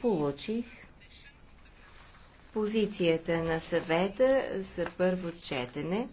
получих позицията на съвета за първо четене